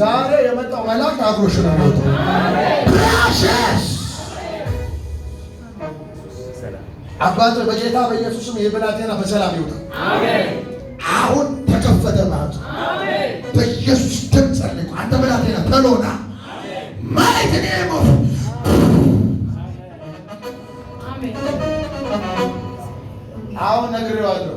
ዛሬ የመጣው መልአክ አብሮሽ ነው። አባት በጌታ በኢየሱስም የብላቴና በሰላም ይውጣ። አሁን ተከፈተ ማለት በኢየሱስ ደም ጸልቁ። አንተ ብላቴና ተሎና ማየት ኔሞ አሁን ነግሬዋለሁ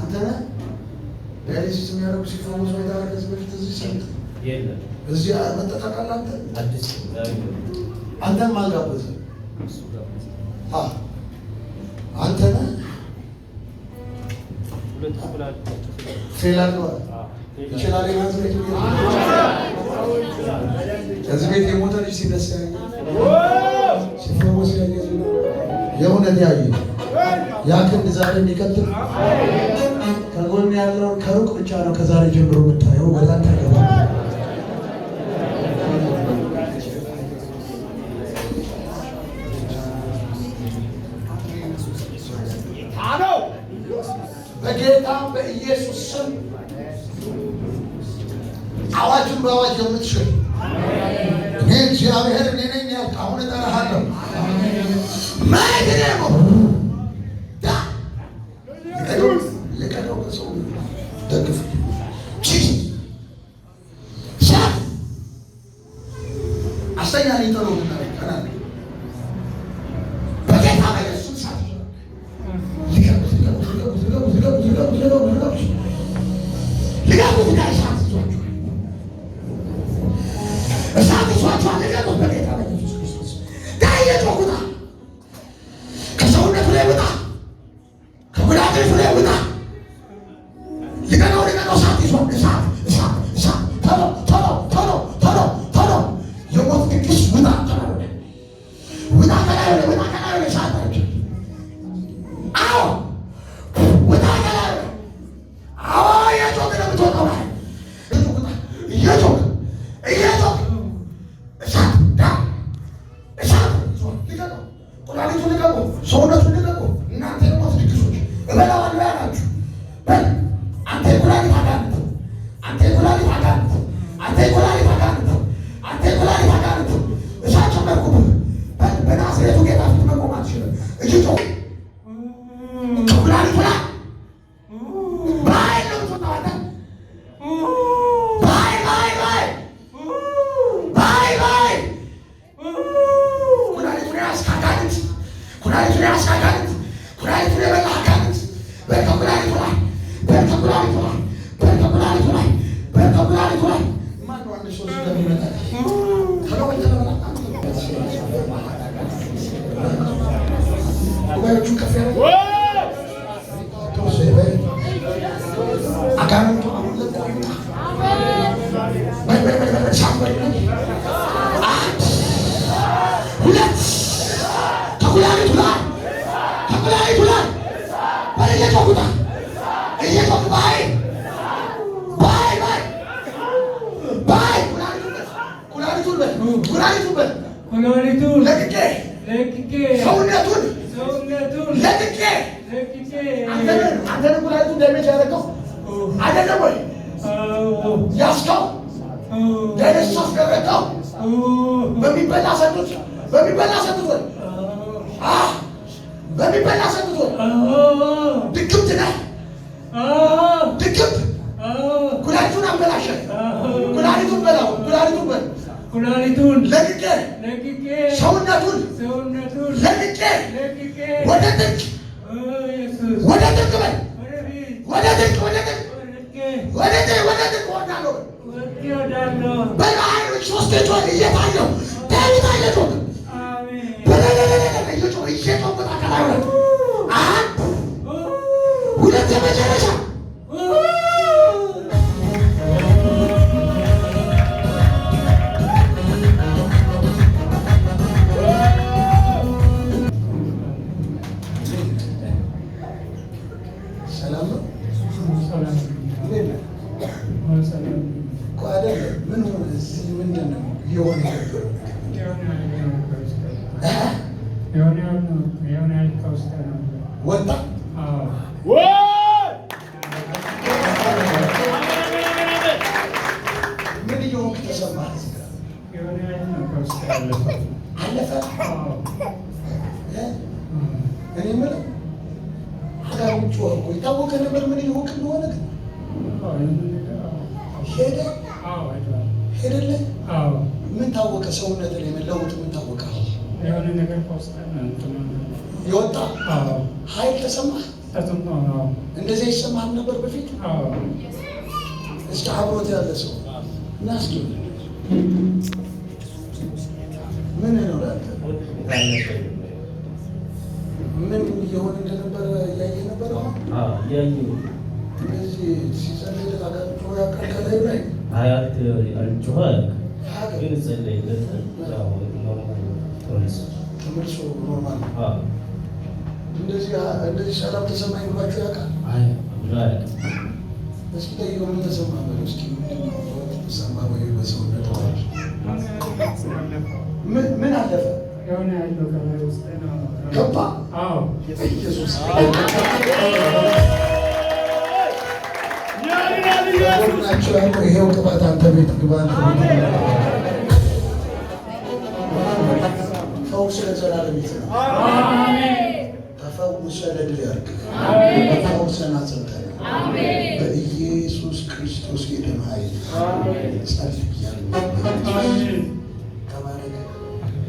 አንተ ነህ ዳያሊሲስ የሚያደርጉ ሲፈወሱ አይተሃል? ከዚህ በፊት እዚህ ሰምት እዚህ መጠጣቃል። አንተ አንተም ማልጋበት አንተ ነህ ፌል ከዚህ ቤት የሞተ ልጅ ሲነሳ ሲፈወስ ያየ የእውነት ያየ ያ ክንድ ዛሬ የሚቀጥል ከጎን ያለውን ከሩቅ ብቻ ነው ከዛሬ ጀምሮ የምታየው። ወደ ታገባ ነው በጌታ በኢየሱስ ስም አዋጅን በአዋጅ የምትሽል እኔ እግዚአብሔር እኔ ነኝ ያልክ አሁን እጠራሃለሁ። ሐሰተኛ ሊጠሩ ይቀራል። በጌታ በኢየሱስ ከሰውነቱ ላይ ውጣ፣ ከጉዳቱ ላይ ውጣ። ልቀቀው፣ ልቀቀው! እሳት ይዟል፣ እሳት ኩራይቱን ያሳጋት ኩራይቱን የበላ አጋት በቃ ኩላሊቱን ኩላሊቱን ኩላሊቱን ለቅቄ ለቅቄ ነህ ድግምት ኩላሊቱን አበላሸ። ኩላሊቱን በላው ኩላሊቱን በላው ኩላሊቱን ለቅቄ ሰውነቱን ለቅቄ ወደ ጥቅ ወደ ጥቅ በል ወደ ጥቅ ወደ ጥቅ ወደ ጥቅ ወደ ጥቅ እወዳለሁ ሁለት የመጨረሻ ሰላም ነው። ምን እዚህ ምንድን ነው የሆነ ወጣ ከኤርትራ ውጭ ሆንኩ የታወቀ ነበር። ምን ይሆንክ እንደሆነ ግን ሄደ ሄደለ ምን ታወቀ? ሰውነት ላይ መለውጥ ምን ታወቀ? የወጣ ኃይል ተሰማህ? እንደዚያ ይሰማህ ነበር በፊት? እስኪ አብሮት ያለ ሰው እና እስኪ ምን ነው ላንተ ምን እየሆነ እንደነበረ እያየ ነበረ እያየ እንደዚህ ሲጸልይ ያቀልከላይ ላይ አያት አልጮኸ ግን ጸለይለት ተመልሶ ኖርማል እንደዚህ ሰላም ተሰማኝ ብሏቸው ያውቃል? እስኪ ጠይቀው ምን ተሰማ በለው እስኪ ተሰማ ወይ በሰውነት ምን አለፈ የሆነ ያለው ገባ። ኢየሱስ ናቸው ያለው ይሄው ቅባት አንተ ቤት ግባ ፈውስ ለዘላለም ይት ተፈውሰ ለድል ያርግ ተፈውሰን አጽንተን በኢየሱስ ክርስቶስ የደም ኃይል ጸልያለሁ።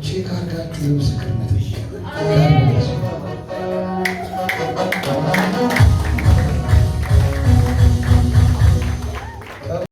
ቼክ አድርጋችሁ ለምስክርነት